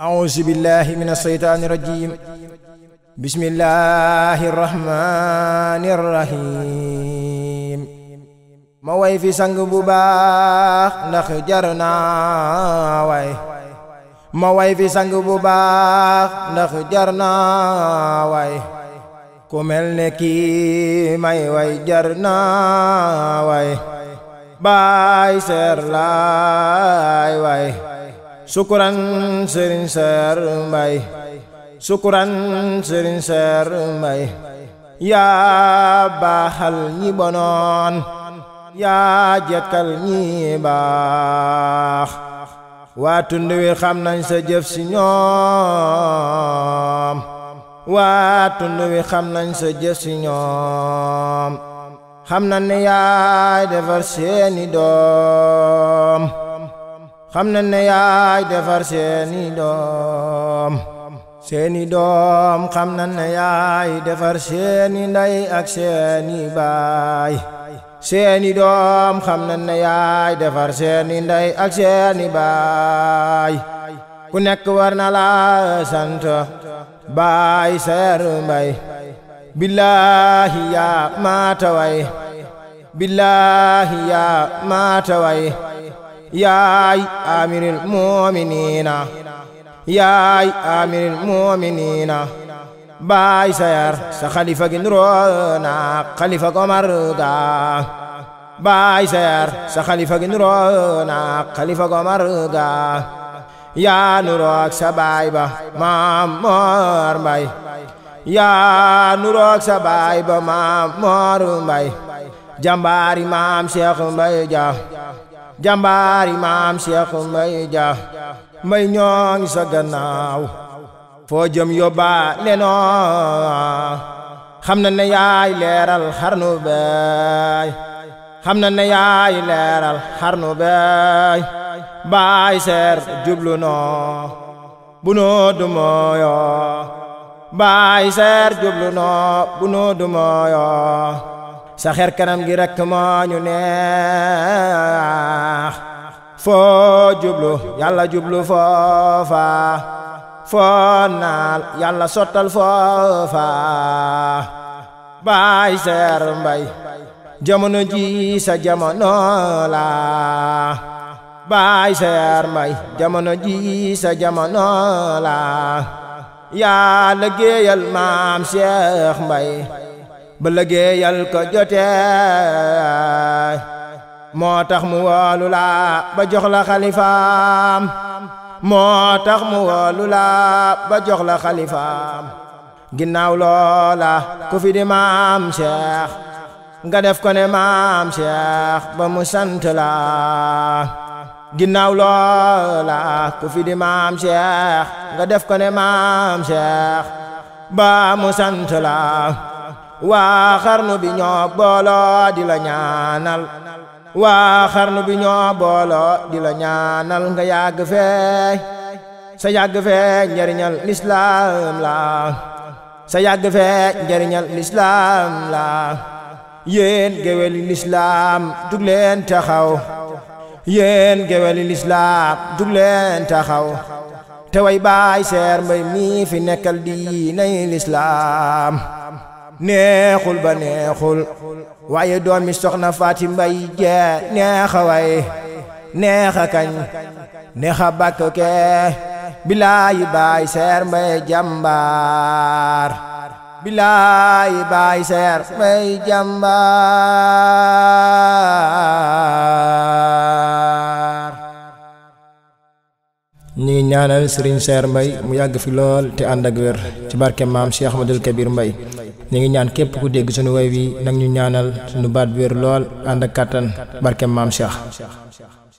أعوذ بالله من الشيطان الرجيم بسم الله الرحمن الرحيم ma way fi sang bu baax ndax jar way ma way fi sang bu baax ndax jar way ku mel ne kii may way jar way baay seer laay way sukuran sëriñ seer mbay sukuran sëriñ seer mbay yaa baaxal ñi bonoon yaa jekkal ñi baax waa tund xam nañ sa jëf si ñoom waa tund xam nañ sa jëf si ñoom xam nañ ne yaay defar seeni doom xam na ne yaay defar seeni doom seeni doom xam na ne yaay defar seeni ndey ak seeni baay seeni doom xam na ne yaay defar seeni ndey ak seeni baay ku nekk war na la sant baay seer mbay billaahi yaa maata way billaahi yaa maata way yaay amiril mu'miniina yaay amiril mu'miniina baay sayar sa xalifa gi nuroona xalifa Omar ga baay sayar sa xalifa gi nuroona xalifa Omar ga yaa nurook sa baay ba maam moor mbay yaa nurook sa baay ba maam moor mbay jambaari maam Cheikh mbay ja jàmbaari maam Cheikh Mbaye Dia mbay ñoo sa gannaaw foo jëm yóbba lenoo xam na ne yaay leeral xarnu bay xam na ne yaay leeral xarnu bay baay seer jublu noo bu du mooyoo baay seer jublu noo bu du mooyoo sa xer kanam gi rekk moo ñu neex foo jublu yàlla jublu foofa foo naal yàlla sottal foofa baay seer mbay jamono ji sa jamono la baay seer mbay jamono ji sa jamono la yaa liggéeyal maam Cheikh Mbay ba liggéeyal ko jotee moo tax mu woolu la ba jox la xalifaam moo tax mu woolu la ba jox la xalifaam ginnaaw loola ku fi di maam Cheikh nga def ko ne maam Cheikh ba mu sant la ginnaaw loola ku fi di maam Cheikh nga def ko ne maam Cheikh ba mu sant la waa xarnu bi ñoo booloo di la ñaanal waa xarnu bi ñoo booloo di la ñaanal nga yàgg fee sa yàgg fee njariñal lislaam la sa yàgg fee njariñal lislaam la yéen géwéli lislaam jug taxaw yéen géwéli lislaam jug taxaw te way baay seer mbay mii fi nekkal diinay lislaam neexul ba neexul waaye doomi soxna faati mbay jee neexa way neexa kañ neexa bakk ke bilaayi baay seer mbay jàmbaar bilaayi baay seer mbay jàmbaar ñu ngi ñaanal sëriñ Seer Mbay mu yàgg fi lool te ànd ak wér ci barke maam Cheikh Ahmadul Kabir Mbay ñu ngi ñaan képp ku dégg suñu way wi nag ñu ñaanal suñu baat bi wér lool ànd ak kàttan barke maam Cheikh